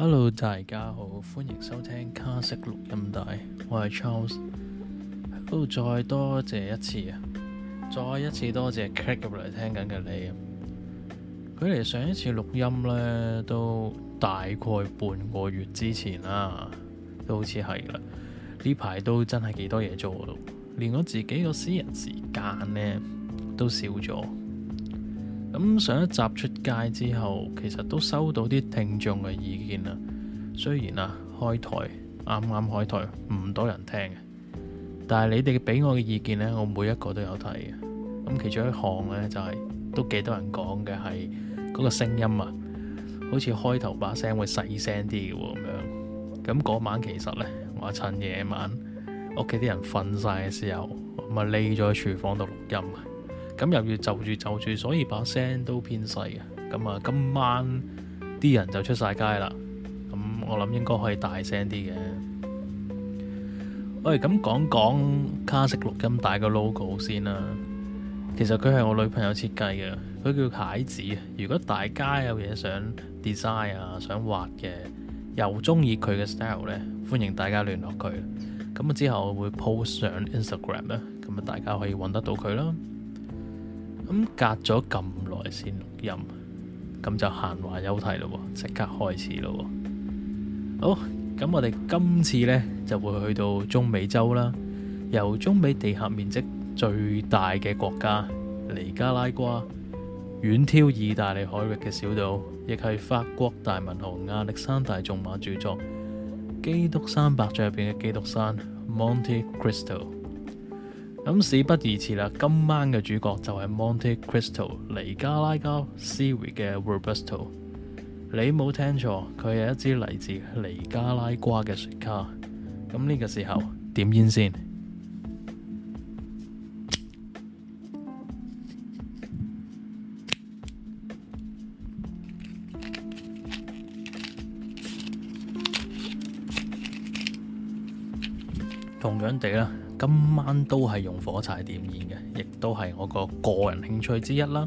Hello，大家好，歡迎收聽茄式錄音帶，我係 Charles。喺度再多謝一次啊，再一次多謝 click 入嚟聽緊嘅你啊。距離上一次錄音咧，都大概半個月之前啦，都好似係啦。呢排都真係幾多嘢做咯，連我自己個私人時間咧都少咗。咁上一集出街之後，其實都收到啲聽眾嘅意見啦。雖然啊，開台啱啱開台唔多人聽，但係你哋俾我嘅意見呢，我每一個都有睇嘅。咁其中一項呢，就係都幾多人講嘅係嗰個聲音啊，好似開頭把聲會細聲啲嘅喎咁樣。咁嗰晚其實呢，我趁夜晚屋企啲人瞓晒嘅時候，咁啊匿咗喺廚房度錄音。咁又要就住就住，所以把聲都偏細嘅。咁啊，今晚啲人就出晒街啦。咁我諗應該可以大聲啲嘅。喂、哎，咁講講卡式錄音帶個 logo 先啦。其實佢係我女朋友設計嘅，佢叫蟹子。如果大家有嘢想 design 啊，想畫嘅，又中意佢嘅 style 呢，歡迎大家聯絡佢。咁啊，之後我會 post 上 Instagram 啊，咁啊，大家可以揾得到佢啦。咁隔咗咁耐先錄音，咁就閒話休題咯，即刻開始咯。好，咁我哋今次呢，就會去到中美洲啦，由中美地峽面積最大嘅國家尼加拉瓜，遠眺意大利海域嘅小島，亦係法國大文豪亞歷山大仲馬著作《基督山伯爵》入邊嘅基督山 Monte Cristo。咁事不宜遲啦，今晚嘅主角就係 Monte Cristo 尼加拉瓜 C 位嘅 Robusto，你冇聽錯，佢係一支嚟自尼加拉瓜嘅雪茄。咁呢個時候點煙先，同樣地啦。今晚都係用火柴點燃嘅，亦都係我個個人興趣之一啦。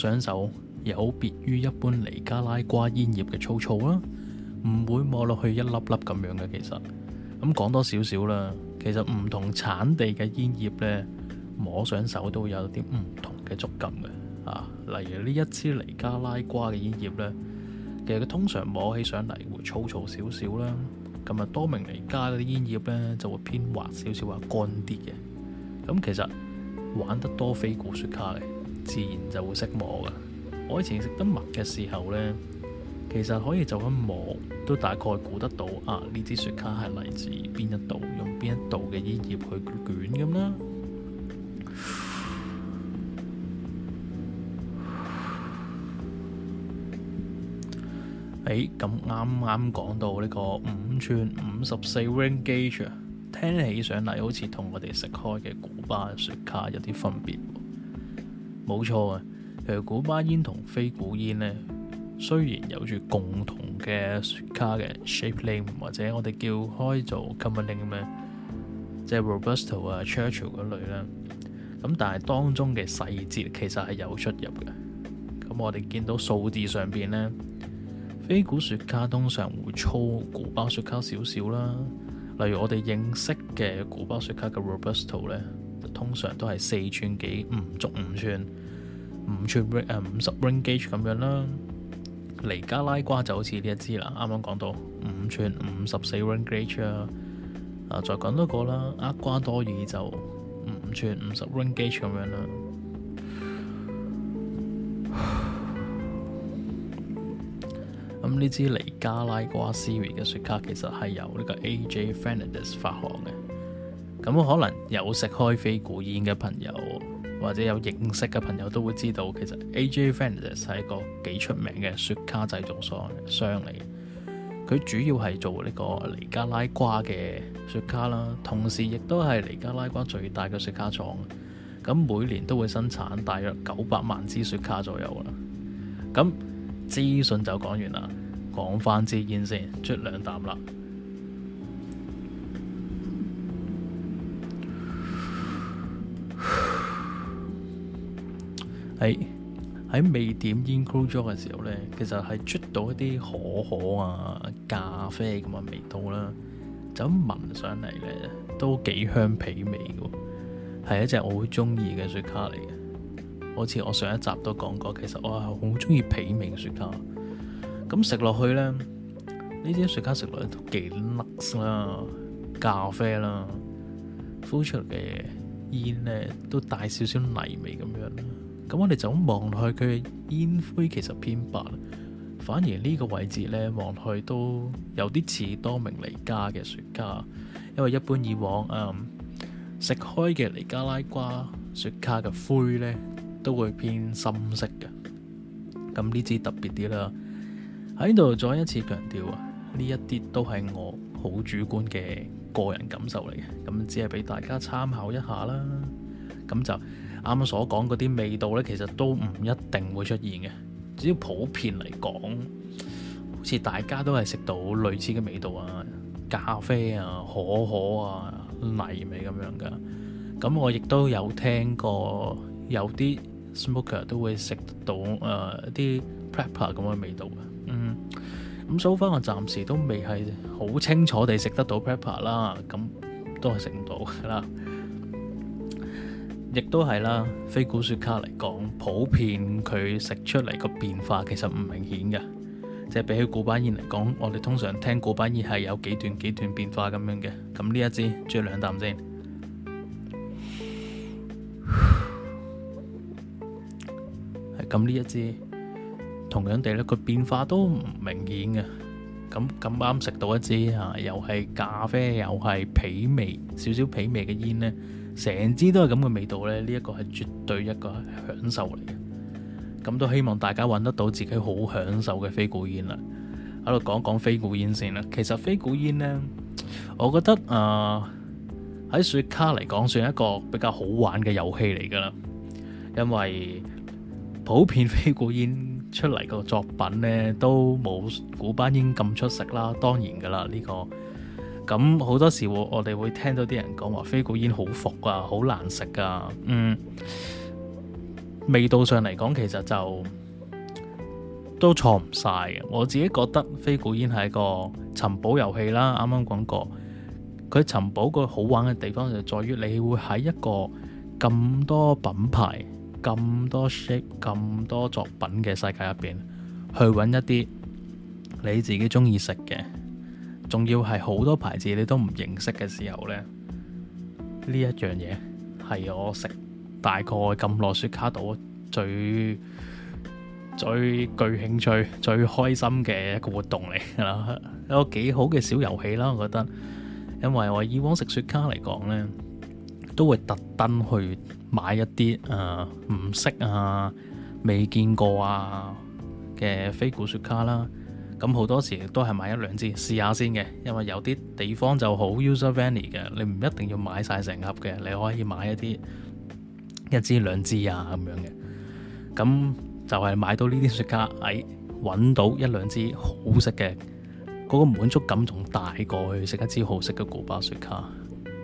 上手有別於一般尼加拉瓜煙葉嘅粗糙啦，唔會摸落去一粒粒咁樣嘅。其實咁講多少少啦，其實唔同產地嘅煙葉呢，摸上手都有啲唔同嘅觸感嘅。啊，例如呢一支尼加拉瓜嘅煙葉呢，其實佢通常摸起上嚟會粗糙少少啦，咁啊多明尼加嗰啲煙葉呢，就會偏滑少少或乾啲嘅。咁其實玩得多非古雪茄嘅，自然就會識摸嘅。我以前食得密嘅時候呢，其實可以就咁摸都大概估得到啊。呢支雪茄係嚟自邊一度，用邊一度嘅煙葉去捲咁啦。誒，咁啱啱講到呢個五吋五十四 ring gauge 啊，聽起上嚟好似同我哋食開嘅古巴雪茄有啲分別。冇錯啊，其實古巴煙同非古煙咧，雖然有住共同嘅雪茄嘅 shape name 或者我哋叫開做 common name，即係 Robusto 啊 Churchill 嗰類啦，咁但係當中嘅細節其實係有出入嘅。咁我哋見到數字上邊咧，非古雪茄通常會粗古巴雪茄少少啦。例如我哋認識嘅古巴雪茄嘅 Robusto 咧。通常都係四寸幾，唔足五寸，五寸 ring 誒五十 ring gauge 咁樣啦。尼加拉瓜就好似呢一支啦，啱啱講到五寸五十四 ring gauge 啊。啊，再講多個啦，厄瓜多爾就五寸五十 ring gauge 咁樣啦。咁呢支尼加拉瓜 Series 嘅雪茄其實係由呢個 AJ Fernandez 發行嘅。咁可能有食開非古煙嘅朋友，或者有認識嘅朋友都會知道，其實 AJ Fernandez 係一個幾出名嘅雪茄製造商嚟。佢主要係做呢個尼加拉瓜嘅雪茄啦，同時亦都係尼加拉瓜最大嘅雪茄廠。咁每年都會生產大約九百萬支雪茄左右啦。咁資訊就講完啦，講翻支煙先，出兩啖啦。喺喺未點煙 grow 咗嘅時候咧，其實係出到一啲可可啊、咖啡咁嘅味道啦。咁聞上嚟咧都幾香皮味嘅，係一隻我好中意嘅雪茄嚟嘅。好似我上一集都講過，其實我係好中意皮味雪茄。咁食落去咧，呢啲雪茄食落去都幾甩啦，咖啡啦，food u 呼出嚟嘅煙咧都帶少少泥味咁樣。咁我哋就咁望落去，佢嘅煙灰其實偏白，反而呢個位置咧望落去都有啲似多明尼加嘅雪茄，因為一般以往誒、嗯、食開嘅尼加拉瓜雪茄嘅灰咧都會偏深色嘅，咁呢支特別啲啦。喺度再一次強調啊，呢一啲都係我好主觀嘅個人感受嚟嘅，咁只係俾大家參考一下啦，咁就。啱啱所講嗰啲味道咧，其實都唔一定會出現嘅。只要普遍嚟講，好似大家都係食到類似嘅味道啊，咖啡啊、可可啊、泥味咁樣嘅。咁我亦都有聽過有啲 smoker 都會食到誒一啲 pepper 咁嘅味道嘅。嗯，咁 so far 我暫時都未係好清楚地食得到 pepper 啦，咁都係食唔到啦。亦都係啦，非古雪茄嚟講，普遍佢食出嚟個變化其實唔明顯嘅，即係比起古巴煙嚟講，我哋通常聽古巴煙係有幾段幾段變化咁樣嘅。咁呢一支最兩啖先，係咁，呢一支，同樣地呢個變化都唔明顯嘅。咁咁啱食到一支啊，又係咖啡，又係皮味，少少皮味嘅煙呢。成支都係咁嘅味道呢，呢、呢、一個係絕對一個享受嚟嘅，咁都希望大家揾得到自己好享受嘅非古煙啦。喺度講講非古煙先啦，其實非古煙呢，我覺得啊喺、呃、雪茄嚟講，算一個比較好玩嘅遊戲嚟噶啦，因為普遍非古煙出嚟個作品呢都冇古巴煙咁出色啦，當然噶啦呢個。咁好多時我我哋會聽到啲人講話非古煙好伏啊，好難食噶、啊，嗯，味道上嚟講其實就都錯唔晒嘅。我自己覺得非古煙係一個尋寶遊戲啦。啱啱講過，佢尋寶個好玩嘅地方就係在於你會喺一個咁多品牌、咁多 shape、咁多作品嘅世界入邊，去揾一啲你自己中意食嘅。仲要係好多牌子你都唔認識嘅時候呢，呢一樣嘢係我食大概咁耐雪茄度最最具興趣、最開心嘅一個活動嚟㗎啦， 一個幾好嘅小遊戲啦，我覺得。因為我以往食雪茄嚟講呢，都會特登去買一啲誒唔識啊、未見過啊嘅非古雪茄啦。咁好多時都係買一兩支試下先嘅，因為有啲地方就好 user friendly 嘅，你唔一定要買晒成盒嘅，你可以買一啲一支兩支啊咁樣嘅。咁就係買到呢啲雪茄，誒、哎，搵到一兩支好食嘅，嗰個滿足感仲大過去食一支好食嘅古巴雪茄。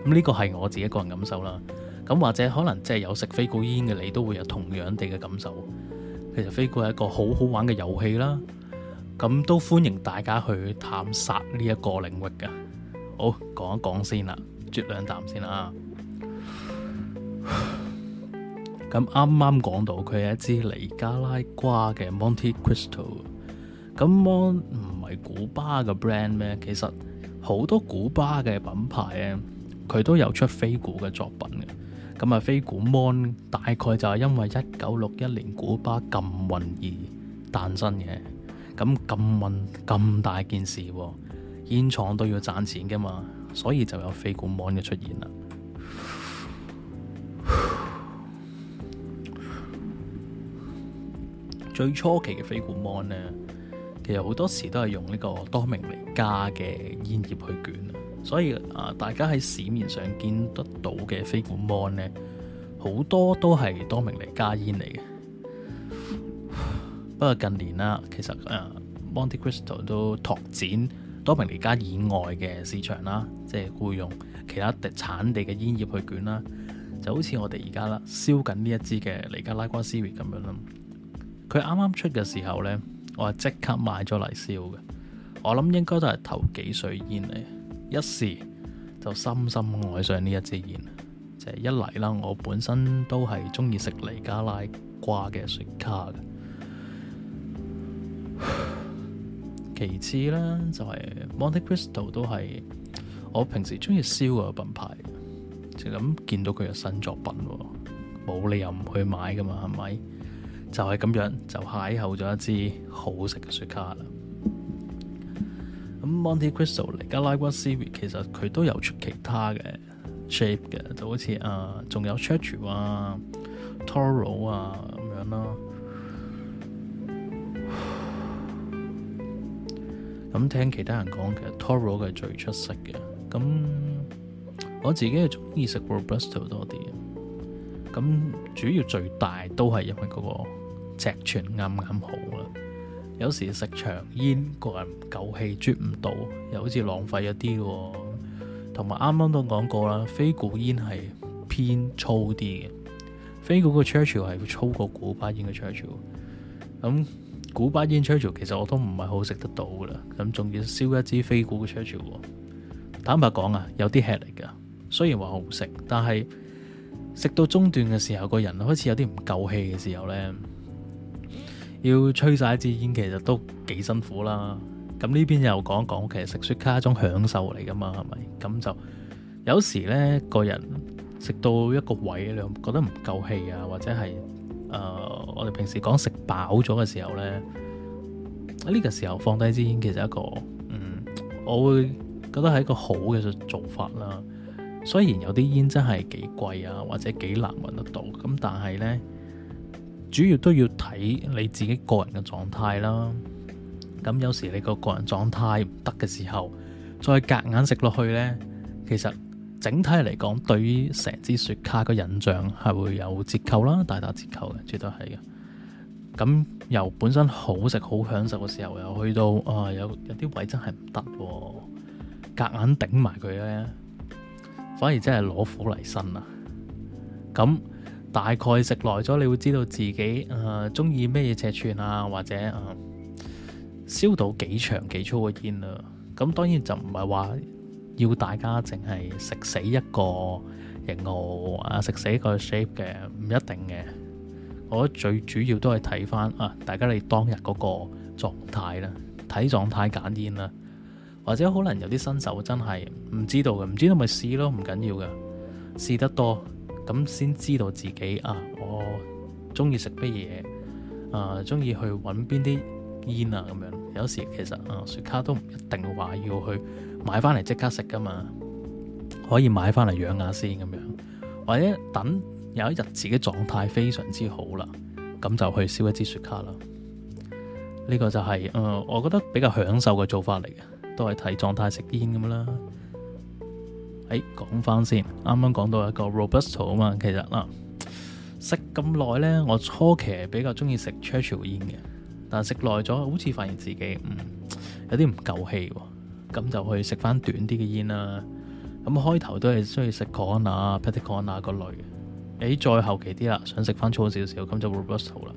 咁呢個係我自己個人感受啦。咁或者可能即係有食非古煙嘅，你都會有同樣地嘅感受。其實非古係一個好好玩嘅遊戲啦。咁都歡迎大家去探索呢一個領域嘅。好，講一講先啦，啜兩啖先啦。咁啱啱講到佢係一支尼加拉瓜嘅 Monte Cristo。咁 Mon 唔係古巴嘅 brand 咩？其實好多古巴嘅品牌咧，佢都有出非古嘅作品嘅。咁啊，非古 Mon 大概就係因為一九六一年古巴禁運而誕生嘅。咁咁混咁大件事喎，啊，煙廠都要賺錢㗎嘛，所以就有非古 Mon 嘅出現啦。最初期嘅非古 Mon 呢，其實好多時都係用呢個多明尼加嘅煙葉去捲，所以啊，大家喺市面上見得到嘅非古 Mon 呢，好多都係多明尼加煙嚟嘅。不過近年啦，其實誒、uh, Montecristo 都拓展多明尼加以外嘅市場啦，即係雇用其他地產地嘅煙葉去捲啦。就好似我哋而家啦燒緊呢一支嘅尼加拉瓜 Series 咁樣啦。佢啱啱出嘅時候呢，我係即刻買咗嚟燒嘅。我諗應該都係頭幾水煙嚟，一試就深深愛上呢一支煙。即係一嚟啦，我本身都係中意食尼加拉瓜嘅雪茄嘅。其次啦，就係、是、Monte Cristo 都係我平時中意燒嘅品牌，就咁見到佢嘅新作品，冇理由唔去買噶嘛，係咪？就係、是、咁樣就邂逅咗一支好食嘅雪茄啦。咁 Monte Cristo 尼加拉瓜 Series 其實佢都有出其他嘅 shape 嘅，就好似啊，仲有 Church 啊、Toro 啊咁樣咯。咁聽其他人講，其實 Toro 係最出色嘅。咁我自己係中意食 Robusto 多啲。咁主要最大都係因為嗰個尺寸啱啱好啦。有時食長煙個人唔夠氣啜唔到，又好似浪費一啲嘅。同埋啱啱都講過啦，非古煙係偏粗啲嘅。非古嘅 Churchill 係會粗過古巴煙嘅 Churchill。咁古巴煙 Churchill，其實我都唔係好食得到噶啦，咁仲要燒一支非古嘅 Churchill，坦白講啊，有啲吃力噶。雖然話好食，但係食到中段嘅時候，個人開始有啲唔夠氣嘅時候呢，要吹晒一支煙，其實都幾辛苦啦。咁呢邊又講一講，其實食雪茄一種享受嚟噶嘛，係咪？咁就有時呢個人食到一個位，你覺得唔夠氣啊，或者係。誒、uh，我哋平時講食飽咗嘅時候呢，呢、呢個時候放低支煙，其實係一個，嗯，我會覺得係一個好嘅做法啦。雖然有啲煙真係幾貴啊，或者幾難搵得到，咁但係呢，主要都要睇你自己個人嘅狀態啦。咁有時你個個人狀態唔得嘅時候，再夾硬食落去呢，其實。整體嚟講，對於成支雪茄嘅印象係會有折扣啦，大打折扣嘅，絕對係嘅。咁由本身好食好享受嘅時候，又去到啊，有有啲位真係唔得，夾硬頂埋佢咧，反而真係攞苦嚟辛啊！咁大概食耐咗，你會知道自己誒，中意咩嘢尺寸啊，或者誒、呃、燒到幾長幾粗嘅煙啦、啊。咁當然就唔係話，要大家淨係食死一個型號啊，食死一個 shape 嘅唔一定嘅。我覺得最主要都係睇翻啊，大家你當日嗰個狀態啦，睇狀態揀煙啦。或者可能有啲新手真係唔知道嘅，唔知道咪試咯，唔緊要嘅。試得多咁先知道自己啊，我中意食乜嘢啊，中意去揾邊啲煙啊咁樣。有時其實啊，雪茄都唔一定話要去買翻嚟即刻食㗎嘛，可以買翻嚟養下先咁樣，或者等有一日自己狀態非常之好啦，咁就去燒一支雪茄啦。呢個就係，誒，我覺得比較享受嘅做法嚟嘅，都係睇狀態食煙咁啦。誒，講翻先，啱啱講到一個 Robusto 啊嘛，其實嗱，食咁耐咧，我初期係比較中意食 Churchill 煙嘅，但食耐咗好似發現自己嗯有啲唔夠氣喎。咁就去食翻短啲嘅煙啦。咁開頭都係需要食 corona 啊 petit corona 啊嗰類。誒再後期啲啦，想食翻粗少少，咁就 Robusto 啦。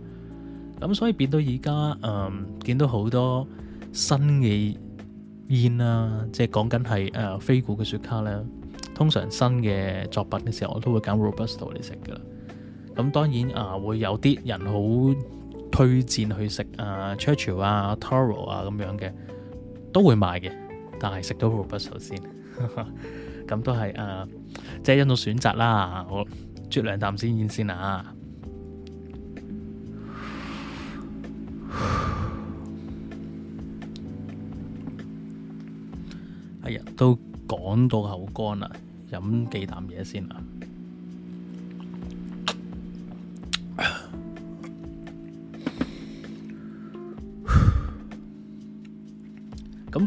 咁所以變到而家，嗯，見到好多新嘅煙啦、啊，即係講緊係誒非古嘅雪茄咧。通常新嘅作品嘅時候，我都會揀 Robusto 嚟食噶。咁當然啊，會有啲人好推薦去食啊，Churchill 啊 Toro 啊咁樣嘅，都會買嘅。但係食到好不熟先，咁都係誒，即係一種選擇啦。我啜兩啖鮮煙先啊，哎呀，都講到口乾啦，飲幾啖嘢先啊。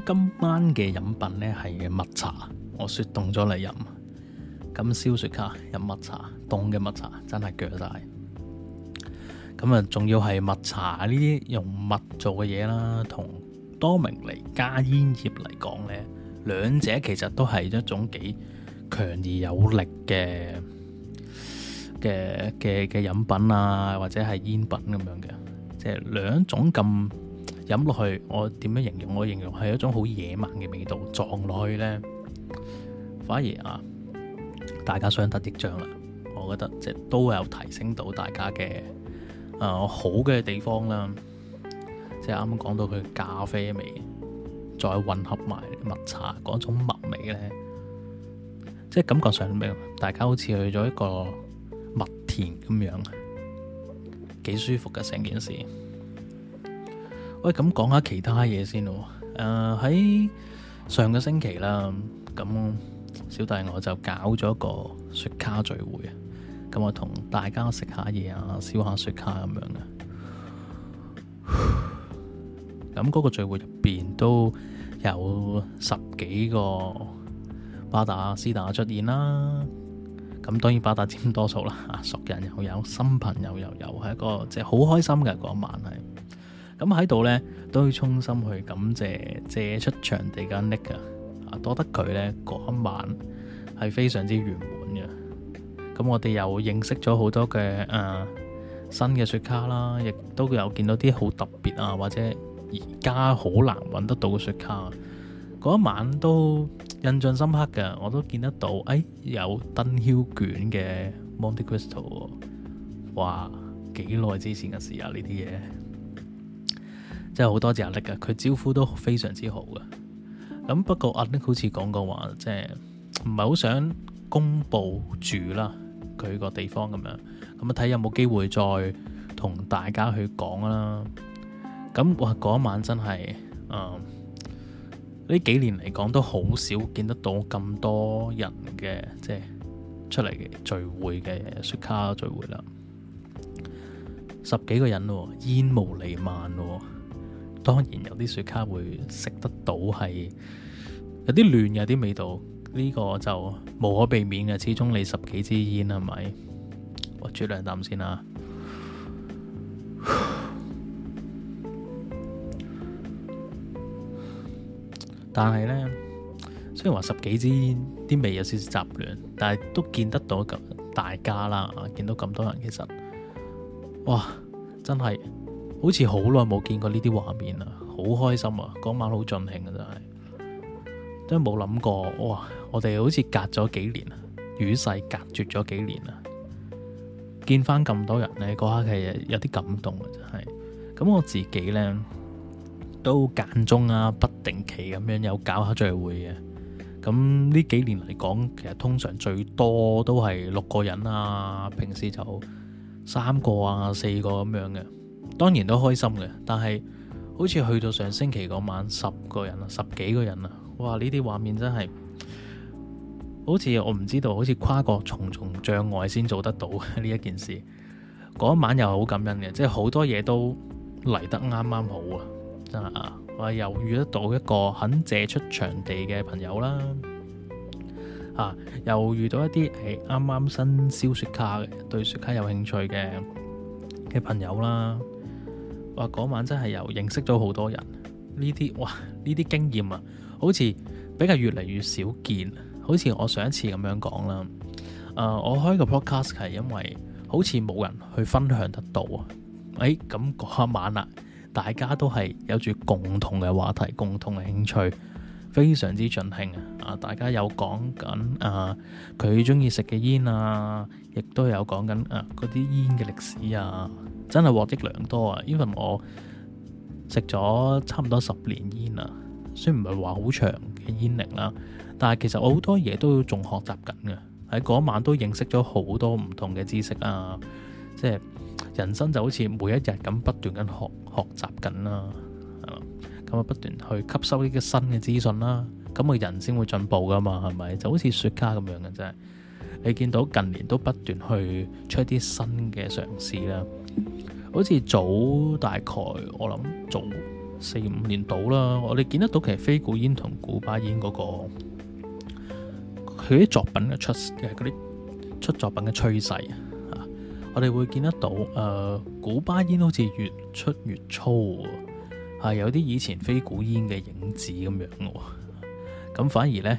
今晚嘅飲品呢係蜜茶，我雪凍咗嚟飲。咁燒雪茄飲蜜茶，凍嘅蜜茶真係鋸晒。咁啊，仲要係蜜茶呢啲用蜜做嘅嘢啦，同多明尼加煙葉嚟講呢，兩者其實都係一種幾強而有力嘅嘅嘅嘅飲品啊，或者係煙品咁樣嘅，即係兩種咁。飲落去，我點樣形容？我形容係一種好野蠻嘅味道。撞落去咧，反而啊，大家相得益彰啦。我覺得即係都有提升到大家嘅啊、呃、好嘅地方啦。即係啱啱講到佢咖啡味，再混合埋抹茶嗰種麥味咧，即係感覺上，咪大家好似去咗一個麥田咁樣，幾舒服嘅成件事。喂，咁講下其他嘢先咯。誒、呃，喺上個星期啦，咁小弟我就搞咗個雪茄聚會啊，咁我同大家食下嘢啊，燒下雪茄咁樣嘅。咁、呃、嗰個聚會入邊都有十幾個巴打、斯打出現啦。咁當然巴打佔多數啦，熟人又有，新朋友又有，係一個即係好開心嘅嗰一晚係。咁喺度咧，都要衷心去感謝借出場地嘅 Nick 啊，多得佢咧，嗰一晚係非常之圓滿嘅。咁我哋又認識咗好多嘅、呃、新嘅雪茄啦，亦都有見到啲好特別啊，或者而家好難揾得到嘅雪茄。嗰一晚都印象深刻嘅，我都見得到，誒，有鄧曉捲嘅 Monte Cristo，哇！幾耐之前嘅事啊，呢啲嘢。真係好多謝阿力噶，佢招呼都非常之好嘅。咁不過阿力好似講過話，即係唔係好想公布住啦佢個地方咁樣。咁啊睇有冇機會再同大家去講啦。咁哇，嗰一晚真係誒呢幾年嚟講都好少見得到咁多人嘅，即係出嚟嘅聚會嘅雪卡聚會啦，十幾個人咯、哦，煙霧瀰漫咯、哦。當然有啲雪茄會食得到係有啲亂，有啲味道，呢個就無可避免嘅。始終你十幾支煙係咪？我煮兩啖先啦。但係呢，雖然話十幾支煙啲味有少少雜亂，但係都見得到咁大家啦，見到咁多人，其實哇，真係～好似好耐冇見過呢啲畫面啊，好開心啊！嗰晚好盡興啊，真係真係冇諗過哇！我哋好似隔咗幾年啊，與世隔絕咗幾年啊。見翻咁多人呢，嗰刻係有啲感動啊！真係咁，我自己呢，都間中啊，不定期咁樣有搞下聚會嘅。咁呢幾年嚟講，其實通常最多都係六個人啊，平時就三個啊、四個咁樣嘅。當然都開心嘅，但係好似去到上星期嗰晚，十個人啊，十幾個人啊，哇！呢啲畫面真係好似我唔知道，好似跨過重重障礙先做得到呢一件事。嗰一晚又好感恩嘅，即係好多嘢都嚟得啱啱好啊！真係啊，我又遇得到一個肯借出場地嘅朋友啦，啊，又遇到一啲係啱啱新燒雪卡嘅，對雪卡有興趣嘅嘅朋友啦。哇，嗰晚真係又認識咗好多人，呢啲哇呢啲經驗啊，好似比較越嚟越少見，好似我上一次咁樣講啦。誒、呃，我開個 podcast 係因為好似冇人去分享得到啊。誒、欸，咁嗰晚啦，大家都係有住共同嘅話題、共同嘅興趣，非常之盡興啊！啊、呃，大家有講緊誒佢鍾意食嘅煙啊，亦都有講緊誒嗰啲煙嘅歷史啊。真係獲益良多啊！因為我食咗差唔多十年煙啊，雖然唔係話好長嘅煙齡啦，但係其實我好多嘢都仲學習緊嘅。喺嗰晚都認識咗好多唔同嘅知識啊，即係人生就好似每一日咁不斷咁學學習緊啦，係嘛？咁啊不斷去吸收呢啲新嘅資訊啦，咁啊人先會進步噶嘛，係咪？就好似雪茄咁樣嘅啫，你見到近年都不斷去出一啲新嘅嘗試啦。好似早大概我諗早四五年到啦。我哋見、那個、見得到，其實非古煙同古巴煙嗰個佢啲作品嘅出誒嗰啲出作品嘅趨勢啊。我哋會見得到誒，古巴煙好似越出越粗，係有啲以前非古煙嘅影子咁樣。咁反而咧，誒、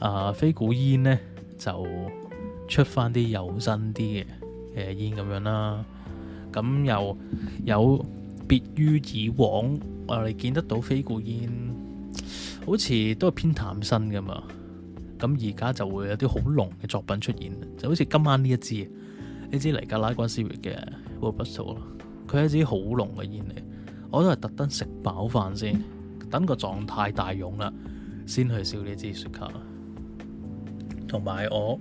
呃，非古煙咧就出翻啲有身啲嘅誒煙咁樣啦。咁又有別於以往，我哋見得到非古煙，好似都係偏淡身㗎嘛。咁而家就會有啲好濃嘅作品出現，就好似今晚呢一支，呢支尼加拉瓜 Series 嘅 Robusto，佢係一支好濃嘅煙嚟。我都係特登食飽飯先，等個狀態大湧啦，先去燒呢支雪茄。同埋我。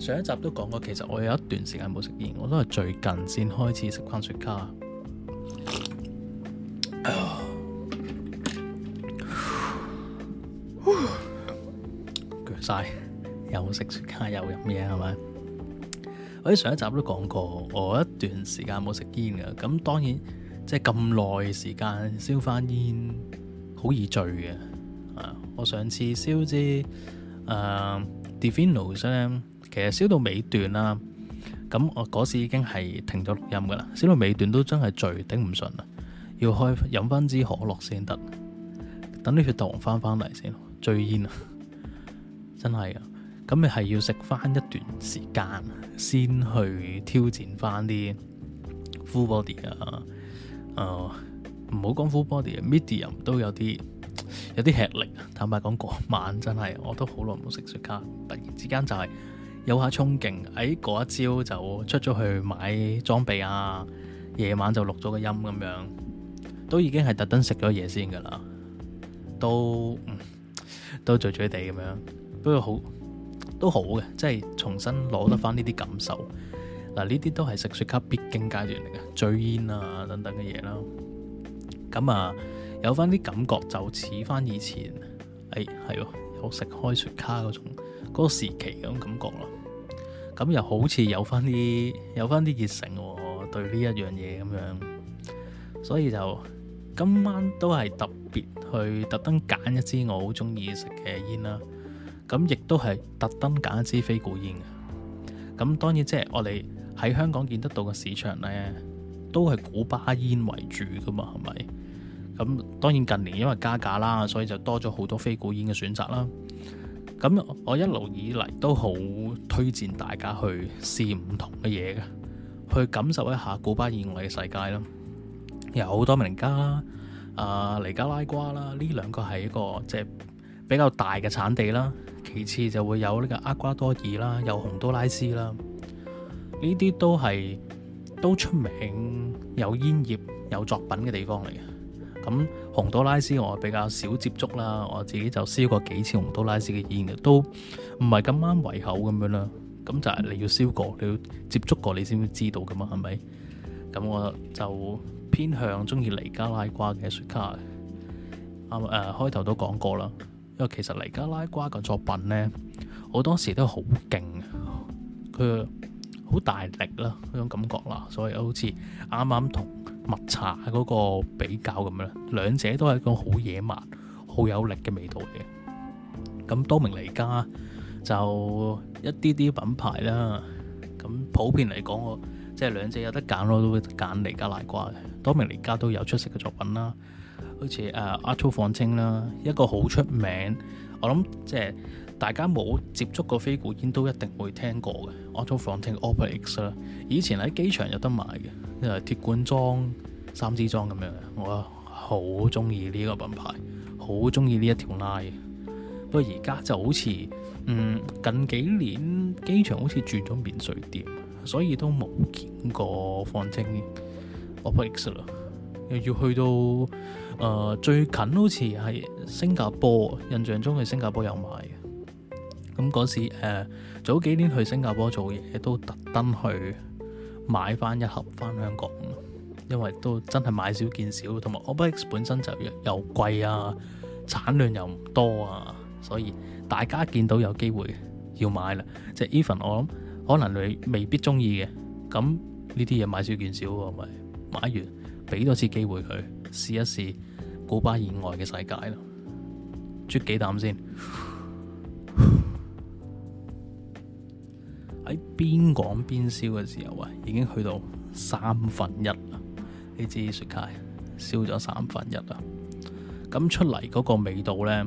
上一集都講過，其實我有一段時間冇食煙，我都係最近先開始食返雪茄。攰曬，又食雪茄又飲嘢，係咪？我喺上一集都講過，我一段時間冇食煙嘅。咁當然即係咁耐時間燒番煙好易醉嘅。我上次燒支 Davidoff 咧。呃其實燒到尾段啦，咁我嗰時已經係停咗錄音噶啦。燒到尾段都真係醉，頂唔順啦，要開飲翻支可樂先得，等啲血糖翻翻嚟先。醉煙啊，真係啊，咁你係要食翻一段時間先去挑戰翻啲 full body 啊，誒、呃、唔好講 full body，medium 都有啲有啲吃力。坦白講，嗰晚真係我都好耐冇食雪茄，突然之間就係、是。有一下憧憬，喺、哎、嗰一朝就出咗去買裝備啊，夜晚就錄咗個音咁樣，都已經係特登食咗嘢先噶啦，都、嗯、都醉醉地咁樣，不過好都好嘅，即係重新攞得翻呢啲感受。嗱，呢啲都係食雪茄必經階段嚟嘅，醉煙啊等等嘅嘢啦。咁啊，有翻啲感覺就似翻以前，哎係喎，啊，有食開雪茄嗰種，嗰個時期咁感覺咯，咁又好似有翻啲有翻啲熱誠喎，對呢一樣嘢咁樣，所以就今晚都係特別去特登揀一支我好中意食嘅煙啦，咁亦都係特登揀一支非古煙嘅，咁當然即係我哋喺香港見得到嘅市場呢，都係古巴煙為主㗎嘛，係咪？咁當然近年因為加價啦，所以就多咗好多非古煙嘅選擇啦。咁我一路以嚟都好推薦大家去試唔同嘅嘢嘅，去感受一下古巴以外嘅世界啦。有好多名家啦，啊、呃、尼加拉瓜啦，呢兩個係一個即係比較大嘅產地啦。其次就會有呢個厄瓜多爾啦，有洪都拉斯啦，呢啲都係都出名有煙葉有作品嘅地方嚟嘅。咁洪都拉斯我比較少接觸啦，我自己就燒過幾次洪都拉斯嘅煙嘅，都唔係咁啱胃口咁樣啦。咁就係你要燒過，你要接觸過，你先知道㗎嘛，係咪？咁我就偏向鍾意尼加拉瓜嘅雪茄。啱誒開頭都講過啦，因為其實尼加拉瓜嘅作品咧，好多時都好勁，佢好大力啦嗰種感覺啦，所以好似啱啱同。蜜茶嗰個比較咁樣咧，兩者都係一個好野蠻、好有力嘅味道嘅。咁多明尼加就一啲啲品牌啦。咁普遍嚟講，我即係兩者有得揀，我都揀尼加奶瓜嘅。多明尼加都有出色嘅作品啦，好似誒 Arturo Fuente 啦，一個好出名。我諗即係。大家冇接觸過非古煙，都一定會聽過嘅。我中意 founting Opera X 啦。以前喺機場有得買嘅，因為鐵管裝、三支裝咁樣嘅。我好中意呢個品牌，好中意呢一條 line。不過而家就好似，嗯，近幾年機場好似轉咗免稅店，所以都冇見過 founting Opera X 啦。又要去到誒、呃、最近，好似係新加坡，印象中係新加坡有買。咁嗰時、呃、早幾年去新加坡做嘢都特登去買翻一盒翻香港，因為都真係買少見少，同埋 Opus X 本身就又貴啊，產量又唔多啊，所以大家見到有機會要買啦。即係 even 我諗，可能你未必中意嘅，咁呢啲嘢買少見少，咪買完俾多次機會佢試一試古巴以外嘅世界咯，啜幾啖先。喺邊講邊燒嘅時候啊，已經去到三分一啦。呢支雪茄燒咗三分一啦，咁出嚟嗰個味道呢，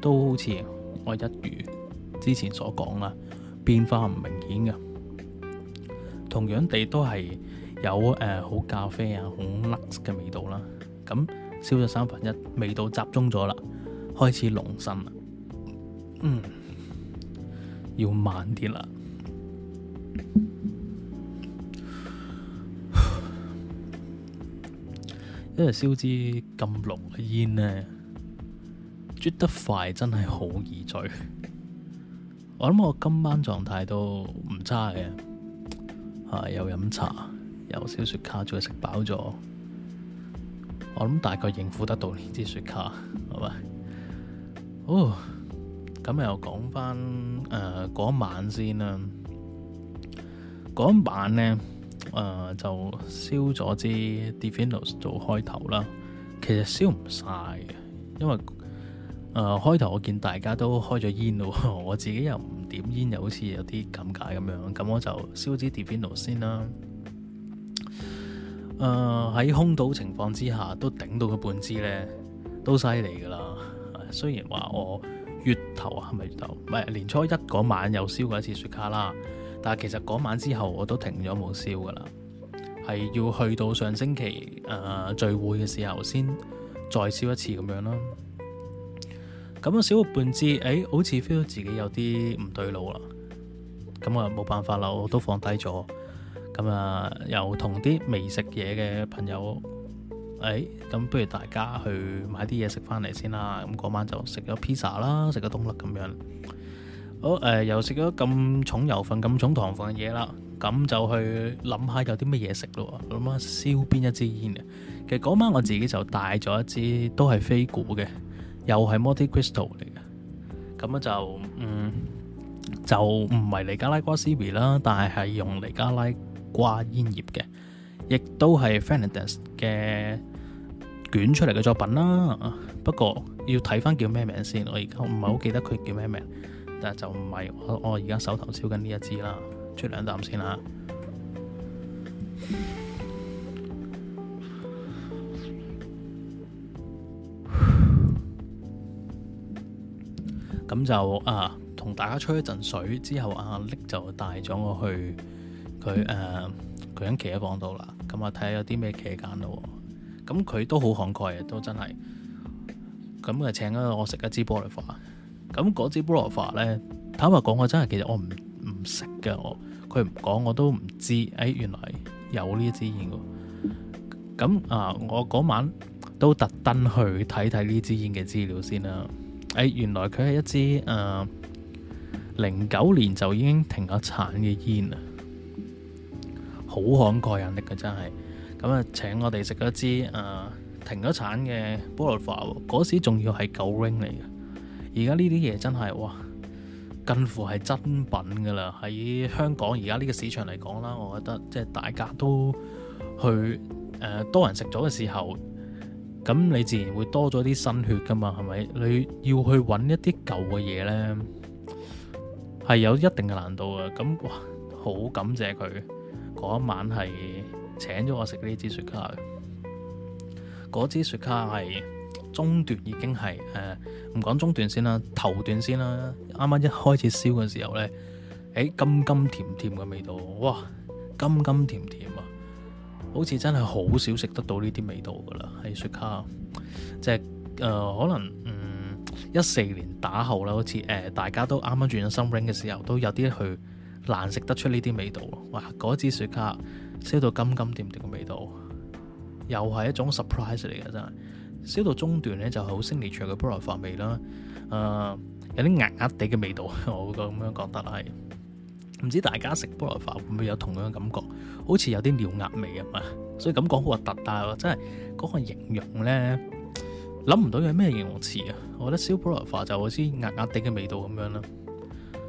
都好似我一如之前所講啦，變化唔明顯嘅。同樣地都係有誒、呃、好咖啡啊，好 lux 嘅味道啦。咁燒咗三分一，味道集中咗啦，開始濃身啦。嗯，要慢啲啦。 因為燒支咁濃嘅煙呢，啜得快真係好易醉。我諗我今晚狀態都唔差嘅，啊又飲茶又燒雪茄，再食飽咗，我諗大概應付得到呢支雪茄，好咪？哦，咁又講翻嗰晚先啦。嗰晚咧、呃，就燒咗支 d e f i n o l 做開頭啦。其實燒唔晒嘅，因為誒、呃、開頭我見大家都開咗煙咯，我自己又唔點煙，又好似有啲尷尬咁樣。咁我就燒支 d e f i n o l 先啦。誒、呃、喺空島情況之下都頂到佢半支咧，都犀利噶啦。雖然話我月頭啊，係咪月頭？唔係年初一嗰晚又燒過一次雪茄啦。但其實嗰晚之後我都停咗冇燒噶啦，係要去到上星期誒、呃、聚會嘅時候先再燒一次咁樣咯。咁啊燒半支，誒、哎、好似 feel 到自己有啲唔對路啦。咁啊冇辦法啦，我都放低咗。咁啊又同啲未食嘢嘅朋友，誒、哎、咁不如大家去買啲嘢食翻嚟先啦。咁、那、嗰、個、晚就食咗披薩啦，食咗冬甩咁樣。誒、呃，又食咗咁重油份、咁重糖份嘅嘢啦，咁就去諗下有啲咩嘢食咯。諗下燒邊一支煙嘅。其實嗰晚我自己就帶咗一支，都係非古嘅，又係 Montecristo 嚟嘅。咁啊就嗯就唔係尼加拉瓜 C B 啦，但係係用尼加拉瓜煙葉嘅，亦都係 Fernandez 嘅捲出嚟嘅作品啦。不過要睇翻叫咩名先，我而家唔係好記得佢叫咩名。但就唔係，我我而家手頭燒緊呢一支啦，出兩啖先啦。咁 就啊，同大家吹一陣水之後，阿力就帶咗我去佢誒佢喺企，喺房度啦。咁啊睇下有啲咩茄揀咯。咁佢都好慷慨嘅，都真係。咁啊請咗我食一支玻璃花。咁嗰支菠蘿花咧，坦白講我真係，其實我唔唔食噶，我佢唔講我都唔知。誒、哎，原來有呢支煙喎。咁啊，我嗰晚都特登去睇睇呢支煙嘅資料先啦、啊。誒、哎，原來佢係一支誒零九年就已經停咗產嘅煙啊，好罕觏人嚟嘅真係。咁啊，請我哋食一支誒停咗產嘅菠蘿花喎。嗰時仲要係九 ring 嚟嘅。而家呢啲嘢真係哇，近乎係真品㗎啦！喺香港而家呢個市場嚟講啦，我覺得即係大家都去誒、呃、多人食咗嘅時候，咁你自然會多咗啲新血㗎嘛，係咪？你要去揾一啲舊嘅嘢呢，係有一定嘅難度啊！咁哇，好感謝佢嗰一晚係請咗我食呢支雪茄，嗰支雪茄係。中段已經係誒，唔講中段先啦，頭段先啦。啱啱一開始燒嘅時候呢，誒、哎、甘甘甜甜嘅味道，哇，甘甘甜甜啊，好似真係好少食得到呢啲味道㗎啦。係雪茄即係、呃、可能嗯一四年打後啦，好似誒、呃、大家都啱啱轉咗新 ring 嘅時候，都有啲去難食得出呢啲味道。哇，嗰支雪茄燒到甘甘甜甜嘅味道，又係一種 surprise 嚟㗎，真係。燒到中段咧，就係好腥味除咗嘅菠蘿花味啦，誒、呃、有啲壓壓地嘅味道，我會咁樣覺得係。唔知大家食菠蘿花會唔會有同樣嘅感覺？好似有啲尿壓味啊嘛，所以咁講好核突，但係真係嗰、嗰個形容咧，諗唔到有咩形容詞啊！我覺得燒菠蘿花就好似壓壓地嘅味道咁樣啦。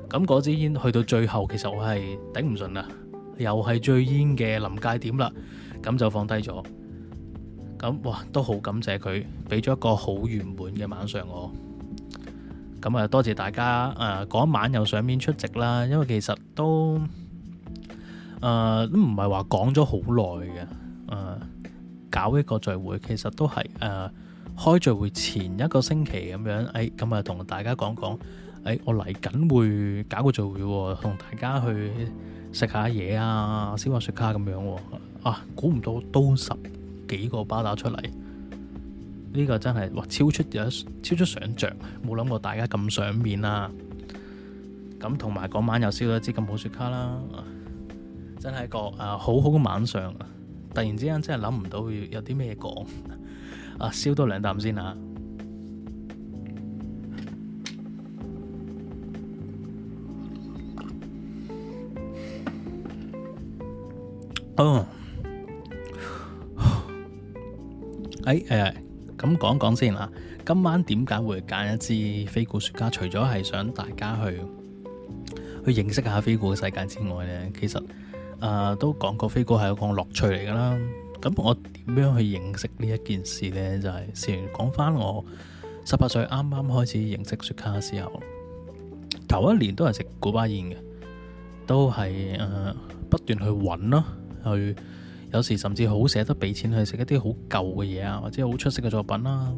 咁嗰支煙去到最後，其實我係頂唔順啦，又係醉煙嘅臨界點啦，咁就放低咗。咁哇，都好感謝佢俾咗一個好圓滿嘅晚上我。咁啊，多謝大家誒嗰、呃、一晚又上面出席啦，因為其實都誒、呃、都唔係話講咗好耐嘅誒，搞一個聚會其實都係誒、呃、開聚會前一個星期咁樣，誒咁啊同大家講講，誒、哎、我嚟緊會搞個聚會、哦，同大家去食下嘢啊，燒下雪茄咁樣喎、哦，啊估唔到都十幾個巴打出嚟，呢個真係哇超出有超出想象冇諗過大家咁賞面啦、啊。咁同埋嗰晚又燒咗支咁好雪茄啦，真係一個啊好好嘅晚上。突然之間真係諗唔到會有啲咩講啊，燒多兩啖先啊。嗯誒、哎、誒，咁講講先啦。今晚點解會揀一支非古雪茄？除咗係想大家去去認識下非古嘅世界之外咧，其實誒、呃、都講過非古係一個樂趣嚟噶啦。咁我點樣去認識呢一件事咧？就係先講翻我十八歲啱啱開始認識雪茄嘅時候，頭一年都係食古巴煙嘅，都係誒、呃、不斷去揾咯，去。有時甚至好捨得俾錢去食一啲好舊嘅嘢啊，或者好出色嘅作品啦。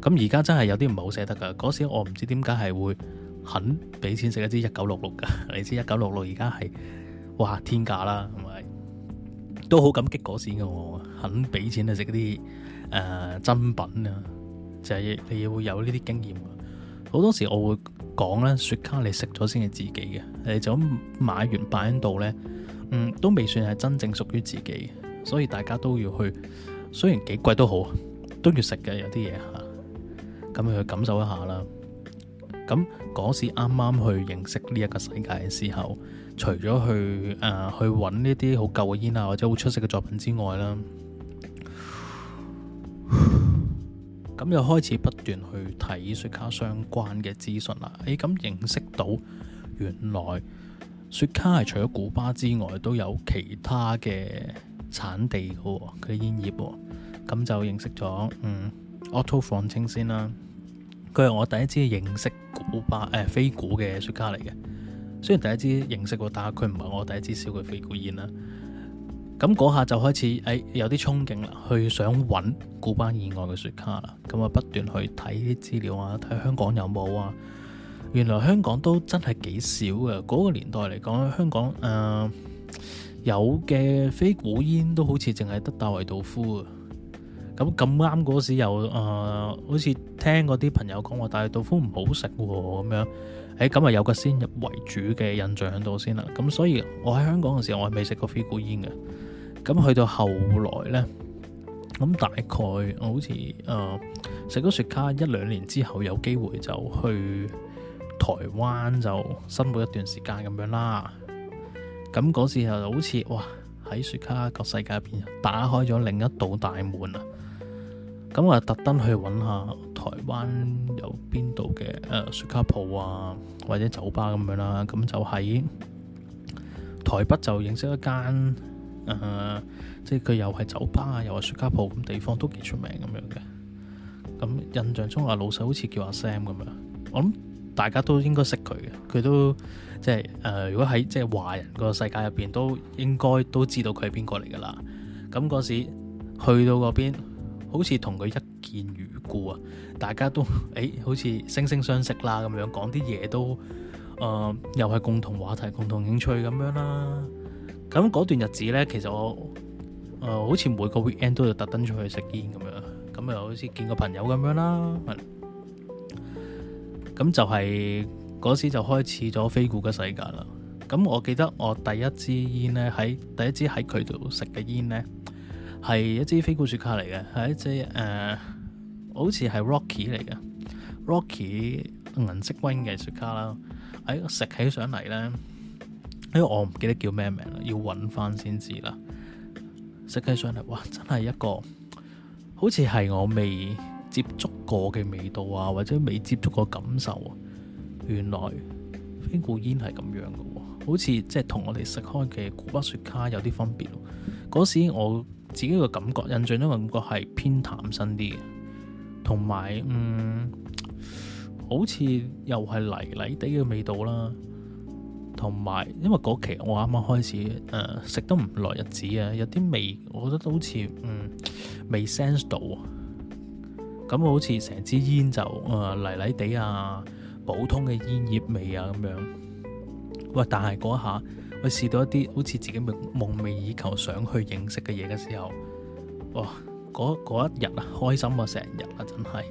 咁而家真係有啲唔係好捨得噶。嗰時我唔知點解係會肯俾錢食一支一九六六噶。你知一九六六而家係哇天價啦，係咪？都好感激嗰時嘅我，肯俾錢去食啲誒珍品啊。就係你要會有呢啲經驗。好多時我會講咧，雪茄你食咗先係自己嘅，你就咁買完擺喺度咧。嗯，都未算係真正屬於自己，所以大家都要去，雖然幾貴都好，都要食嘅有啲嘢吓，咁去感受一下啦。咁嗰時啱啱去認識呢一個世界嘅時候，除咗去誒、呃、去搵呢啲好舊嘅煙啊，或者好出色嘅作品之外啦，咁 又開始不斷去睇雪茄相關嘅資訊啦，係、哎、咁認識到原來。雪茄係除咗古巴之外，都有其他嘅產地嘅喎、哦，佢煙葉喎、哦，咁就認識咗嗯 Auto 放清先啦。佢係我第一支認識古巴誒、哎、非古嘅雪茄嚟嘅，雖然第一支認識喎，但係佢唔係我第一支燒嘅非古煙啦。咁嗰下就開始誒、哎、有啲憧憬啦，去想揾古巴以外嘅雪茄啦。咁啊不斷去睇啲資料啊，睇香港有冇啊。原來香港都真係幾少嘅嗰、那個年代嚟講，香港誒、呃、有嘅非古煙都好似淨係得大衛道夫啊。咁咁啱嗰時又誒、呃，好似聽嗰啲朋友講話大衛道夫唔好食喎、哦，咁樣誒咁啊有個先入為主嘅印象喺度先啦。咁所以我喺香港嘅時，我係未食過非古煙嘅。咁去到後來呢，咁大概我好似誒食咗雪茄一兩年之後，有機會就去台灣就生活一段時間咁樣啦，咁嗰時候好似哇喺雪茄個世界入邊打開咗另一道大門啊！咁啊，我特登去揾下台灣有邊度嘅誒雪茄鋪啊，或者酒吧咁樣啦，咁就喺台北就認識一間誒，即係佢又係酒吧啊，又係雪茄鋪咁，地方都幾出名咁樣嘅。咁印象中啊，老細好似叫阿 Sam 咁樣，我諗。大家都應該識佢嘅，佢都即係、呃、如果喺即係華人個世界入邊，都應該都知道佢係邊個嚟㗎啦。咁嗰時去到嗰邊，好似同佢一見如故啊！大家都誒、欸，好似惺惺相惜啦咁樣，講啲嘢都誒、呃，又係共同話題、共同興趣咁樣啦。咁嗰段日子呢，其實我誒、呃、好似每個 weekend 都要特登出去食煙咁樣，咁又好似見個朋友咁樣啦。咁就係、是、嗰時就開始咗非古嘅世界啦。咁我記得我第一支煙咧，喺第一支喺佢度食嘅煙咧，係一支非古雪茄嚟嘅，係一支誒、呃，好似係 Rocky 嚟嘅 Rocky 銀色 win 嘅雪茄啦。喺、哎、食起上嚟咧，因為我唔記得叫咩名啦，要揾翻先知啦。食起上嚟，哇！真係一個好似係我未接觸過嘅味道啊，或者未接觸過感受啊，原來非古煙係咁樣嘅喎、啊，好似即係同我哋食開嘅古巴雪茄有啲分別咯、啊。嗰時我自己嘅感覺、印象中感覺係偏淡身啲嘅，同埋嗯，好似又係泥泥地嘅味道啦、啊。同埋因為嗰期我啱啱開始誒食得唔耐日子啊，有啲味我覺得都好似嗯未 sense 到啊。咁好似成支煙就誒泥泥地啊，普通嘅煙葉味啊咁樣。喂，但係嗰一下，我試到一啲好似自己夢寐以求想去認識嘅嘢嘅時候，哇！嗰一日啊，開心啊成日啊，真係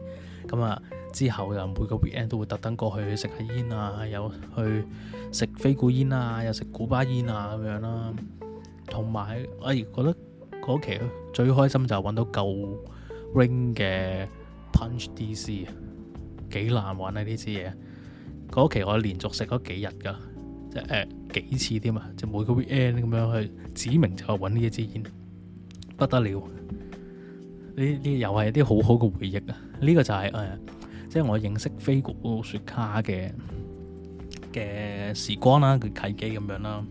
咁啊！之後就每個 weekend 都會特登過去食下煙啊，又去食非古煙啊，又食古巴煙啊咁樣啦、啊。同埋我而覺得嗰期最開心就揾到夠 ring 嘅。Punch D C 幾難玩啊！呢支嘢嗰期我連續食咗幾日㗎，即係誒、呃、幾次添啊！就每個 weekend 咁樣去指明就揾呢一支煙，不得了！呢呢又係一啲好好嘅回憶啊！呢、這個就係、是、誒，即、呃、係、就是、我認識非古雪茄嘅嘅時光啦，佢契機咁樣啦。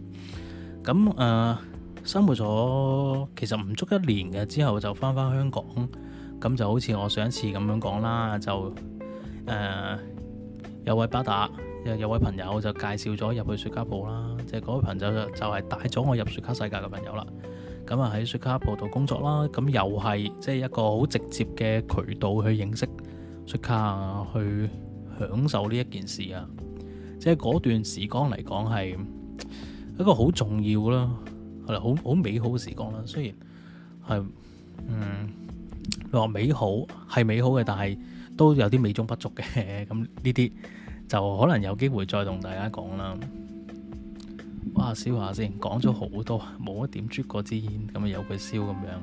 咁誒、呃，生活咗其實唔足一年嘅之後，就翻翻香港。咁就好似我上一次咁樣講啦，就誒、呃、有位巴打，有有位朋友就介紹咗入去雪茄鋪啦，即係嗰位朋友就就係、是、帶咗我入雪茄世界嘅朋友啦。咁啊喺雪茄鋪度工作啦，咁又係即係一個好直接嘅渠道去認識雪茄，去享受呢一件事啊。即係嗰段時光嚟講係一個好重要啦，係啦，好好美好嘅時光啦。雖然係嗯。話美好係美好嘅，但係都有啲美中不足嘅，咁呢啲就可能有機會再同大家講啦。哇，小華先講咗好多，冇一點啜過支煙，咁啊由佢燒咁樣。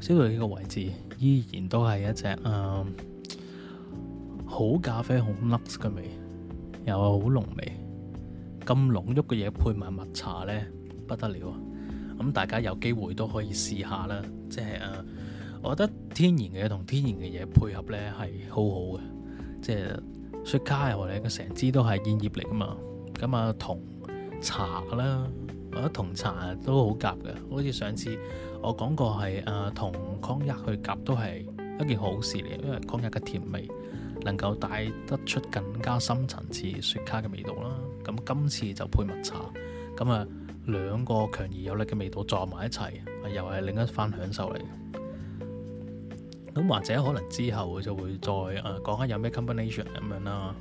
燒到呢個位置依然都係一隻誒，好咖啡好 lux 嘅味。又係好濃味，咁濃郁嘅嘢配埋蜜茶呢，不得了啊！咁大家有機會都可以試下啦，即係啊，我覺得天然嘅嘢同天然嘅嘢配合呢係好好嘅，即係雪茄係我哋成支都係煙葉嚟噶嘛，咁啊同茶啦，我覺得同茶都好夾嘅，好似上次我講過係啊同干邑去夾都係一件好事嚟，因為干邑嘅甜味。能夠帶得出更加深層次雪茄嘅味道啦，咁今次就配蜜茶，咁啊兩個強而有力嘅味道撞埋一齊，又係另一番享受嚟嘅。咁或者可能之後佢就會再誒、啊、講下有咩 combination 咁樣啦。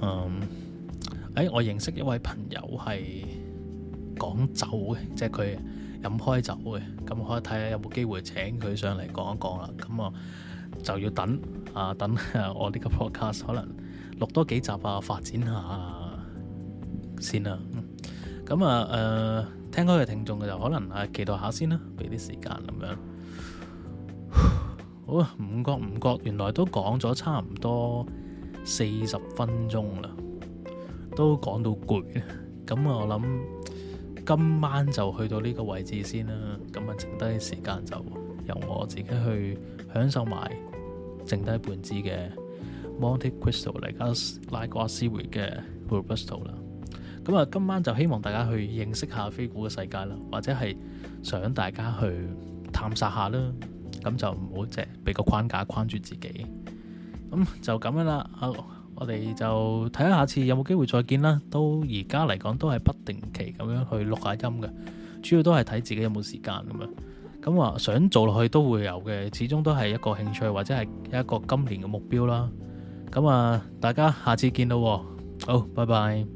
嗯、哎，我認識一位朋友係講酒嘅，即係佢飲開酒嘅，咁可以睇下有冇機會請佢上嚟講一講啦。咁啊～就要等啊，等啊我呢個 podcast 可能錄多幾集啊，發展下先啦。咁啊，誒、啊嗯啊啊，聽歌嘅聽眾嘅就可能啊，期待下先啦、啊，俾啲時間咁樣。好，唔覺唔覺，原來都講咗差唔多四十分鐘啦，都講到攰。咁、啊、我諗今晚就去到呢個位置先啦。咁啊，剩低時間就～由我自己去享受埋剩低半支嘅 Monte Cristo Nicaragua Series 嘅 Robusto 啦。咁啊，今晚就希望大家去認識下非古嘅世界啦，或者係想大家去探索下啦。咁就唔好即係俾個框架框住自己。咁就咁樣啦。阿我哋就睇下下次有冇機會再見啦。都而家嚟講都係不定期咁樣去錄下音嘅，主要都係睇自己有冇時間咁樣。咁話想做落去都會有嘅，始終都係一個興趣，或者係一個今年嘅目標啦。咁啊，大家下次見到，好，拜拜。